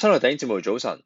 新嚟頂節目，早晨。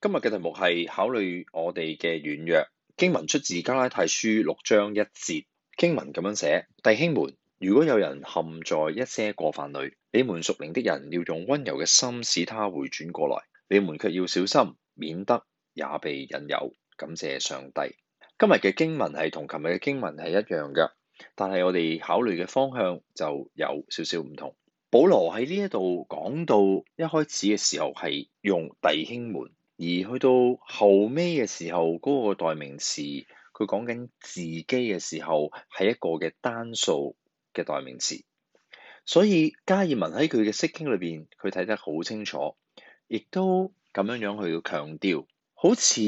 今日嘅題目係考慮我哋嘅軟弱。經文出自加拉太書六章一節，經文咁樣寫：弟兄們，如果有人陷在一些過犯裏，你們屬靈的人要用溫柔嘅心使他回轉過來。你們卻要小心，免得也被引誘。感謝上帝。今日嘅經文係同琴日嘅經文係一樣嘅，但係我哋考慮嘅方向就有少少唔同。保羅喺呢一度講到一開始嘅時候係用弟兄們，而去到後尾嘅時候嗰個代名詞，佢講緊自己嘅時候係一個嘅單數嘅代名詞。所以加爾文喺佢嘅釋經裏邊，佢睇得好清楚，亦都咁樣樣去到強調，好似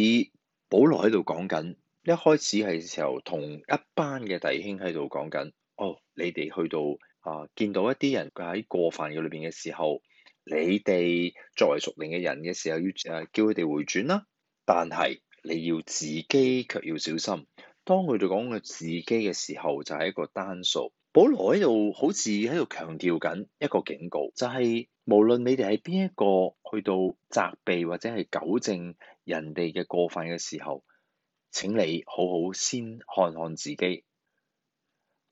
保羅喺度講緊一開始係時候同一班嘅弟兄喺度講緊，哦，你哋去到。啊！見到一啲人佢喺過犯嘅裏邊嘅時候，你哋作為熟練嘅人嘅時候，要誒叫佢哋回轉啦。但係你要自己卻要小心。當佢哋講佢自己嘅時候，就係一個單數。保羅喺度好似喺度強調緊一個警告，就係無論你哋係邊一個去到責備或者係糾正人哋嘅過犯嘅時候，請你好好先看看自己。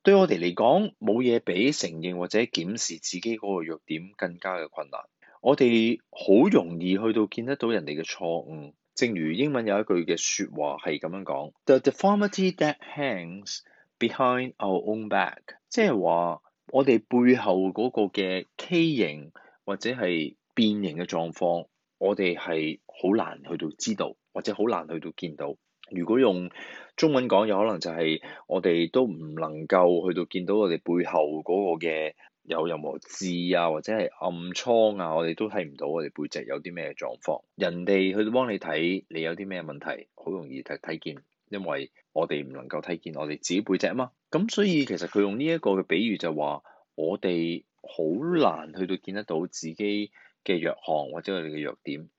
對我哋嚟講，冇嘢比承認或者檢視自己嗰個弱點更加嘅困難。我哋好容易去到見得到人哋嘅錯誤，正如英文有一句嘅説話係咁樣講：The deformity that hangs behind our own back，即係話我哋背後嗰個嘅畸形或者係變形嘅狀況，我哋係好難去到知道或者好難去到見到。如果用中文講，有可能就係我哋都唔能夠去到見到我哋背後嗰個嘅有任何痣啊，或者係暗瘡啊，我哋都睇唔到我哋背脊有啲咩狀況。人哋去到幫你睇，你有啲咩問題，好容易睇睇見，因為我哋唔能夠睇見我哋自己背脊啊嘛。咁所以其實佢用呢一個嘅比喻就話，我哋好難去到見得到自己嘅弱項或者我哋嘅弱點。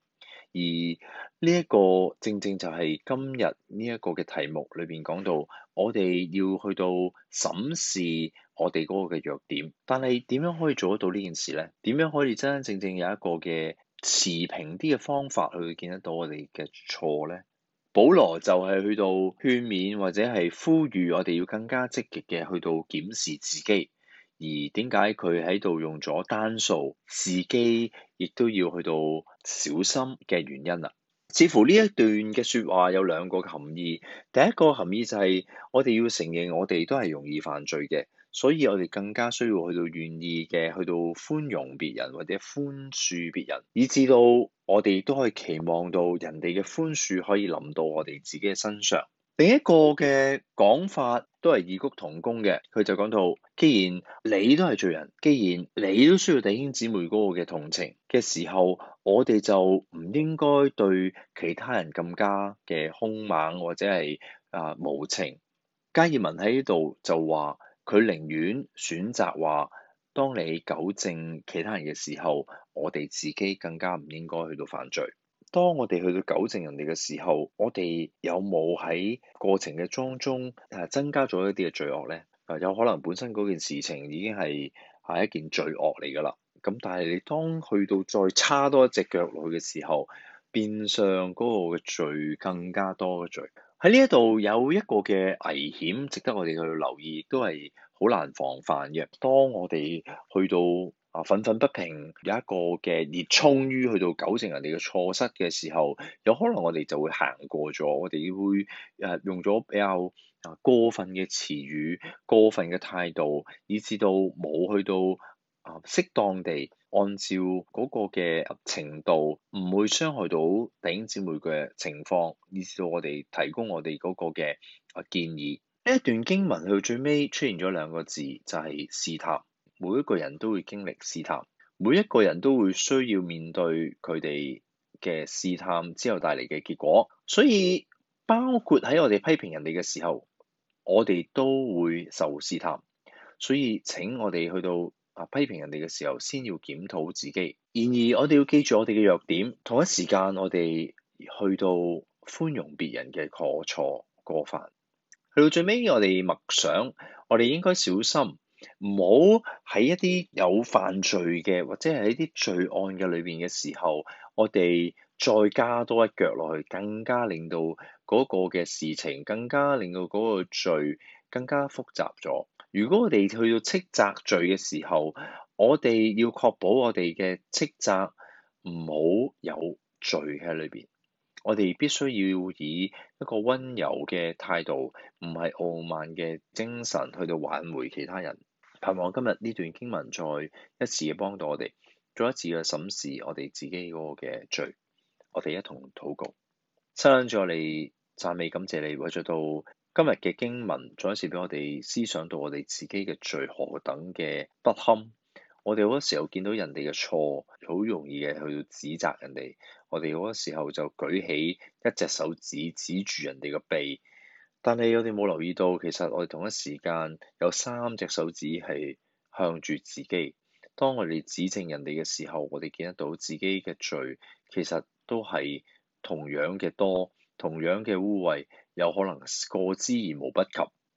而呢一個正正就係今日呢一個嘅題目裏邊講到，我哋要去到審視我哋嗰個嘅弱點，但係點樣可以做得到呢件事呢？點樣可以真真正正有一個嘅持平啲嘅方法去見得到我哋嘅錯呢？保羅就係去到勸勉或者係呼籲我哋要更加積極嘅去到檢視自己。而點解佢喺度用咗單數自己，亦都要去到小心嘅原因啦？似乎呢一段嘅説話有兩個含義。第一個含義就係我哋要承認我哋都係容易犯罪嘅，所以我哋更加需要去到願意嘅，去到寬容別人或者寬恕別人，以至到我哋都可以期望到人哋嘅寬恕可以臨到我哋自己嘅身上。另一個嘅講法都係異曲同工嘅，佢就講到：既然你都係罪人，既然你都需要弟兄姊妹嗰個嘅同情嘅時候，我哋就唔應該對其他人更加嘅兇猛或者係啊、呃、無情。加爾文喺呢度就話：佢寧願選擇話，當你糾正其他人嘅時候，我哋自己更加唔應該去到犯罪。當我哋去到糾正人哋嘅時候，我哋有冇喺過程嘅當中誒增加咗一啲嘅罪惡呢？有可能本身嗰件事情已經係係一件罪惡嚟㗎啦。咁但係你當去到再叉多一隻腳落去嘅時候，變相嗰個罪更加多嘅罪。喺呢一度有一個嘅危險，值得我哋去留意，都係好難防範嘅。當我哋去到啊！憤憤不平有一個嘅熱衷於去到糾正人哋嘅錯失嘅時候，有可能我哋就會行過咗，我哋會誒用咗比較啊過分嘅詞語、過分嘅態度，以至到冇去到啊適當地按照嗰個嘅程度，唔會傷害到弟兄姊妹嘅情況，以至到我哋提供我哋嗰個嘅啊建議。呢一段經文去最尾出現咗兩個字，就係試探。每一個人都會經歷試探，每一個人都會需要面對佢哋嘅試探之後帶嚟嘅結果，所以包括喺我哋批評人哋嘅時候，我哋都會受試探，所以請我哋去到啊批評人哋嘅時候，先要檢討自己。然而我哋要記住我哋嘅弱點，同一時間我哋去到寬容別人嘅過錯過犯，去到最尾我哋默想，我哋應該小心。唔好喺一啲有犯罪嘅，或者係一啲罪案嘅裏邊嘅時候，我哋再加多一腳落去，更加令到嗰個嘅事情，更加令到嗰個罪更加複雜咗。如果我哋去到斥責罪嘅時候，我哋要確保我哋嘅斥責唔好有罪喺裏邊。我哋必須要以一個溫柔嘅態度，唔係傲慢嘅精神去到挽回其他人。盼望今日呢段經文再一次嘅幫到我哋，再一次嘅審視我哋自己嗰個嘅罪。我哋一同禱告，伸住我哋讚美感謝你，為咗到今日嘅經文，再一次俾我哋思想到我哋自己嘅罪何等嘅不堪。我哋好多時候見到人哋嘅錯，好容易嘅去指責人哋。我哋好多時候就舉起一隻手指指住人哋個鼻。但係我哋冇留意到，其實我哋同一時間有三隻手指係向住自己。當我哋指正人哋嘅時候，我哋見得到自己嘅罪，其實都係同樣嘅多，同樣嘅污穢，有可能過之而無不及。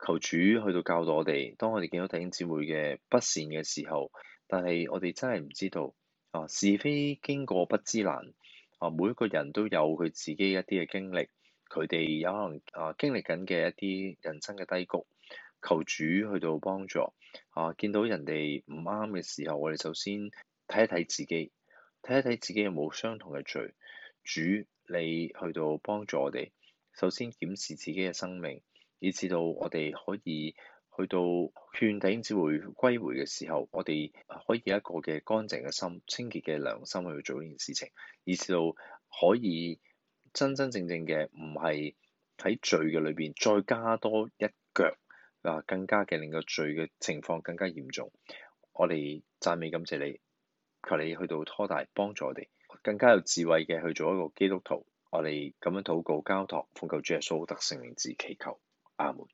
求主去到教導我哋，當我哋見到弟兄姊妹嘅不善嘅時候，但係我哋真係唔知道，啊，是非經過不知難。啊，每一個人都有佢自己一啲嘅經歷。佢哋有可能啊經歷緊嘅一啲人生嘅低谷，求主去到幫助啊！見到人哋唔啱嘅時候，我哋首先睇一睇自己，睇一睇自己有冇相同嘅罪。主，你去到幫助我哋，首先檢視自己嘅生命，以至到我哋可以去到勸頂只會歸回嘅時候，我哋可以一個嘅乾淨嘅心、清潔嘅良心去做呢件事情，以至到可以。真真正正嘅唔係喺罪嘅裏邊再加多一腳啊，更加嘅令個罪嘅情況更加嚴重。我哋讚美感謝你，求你去到拖大幫助我哋，更加有智慧嘅去做一個基督徒。我哋咁樣禱告交託奉求主耶穌基督聖名之祈求，阿門。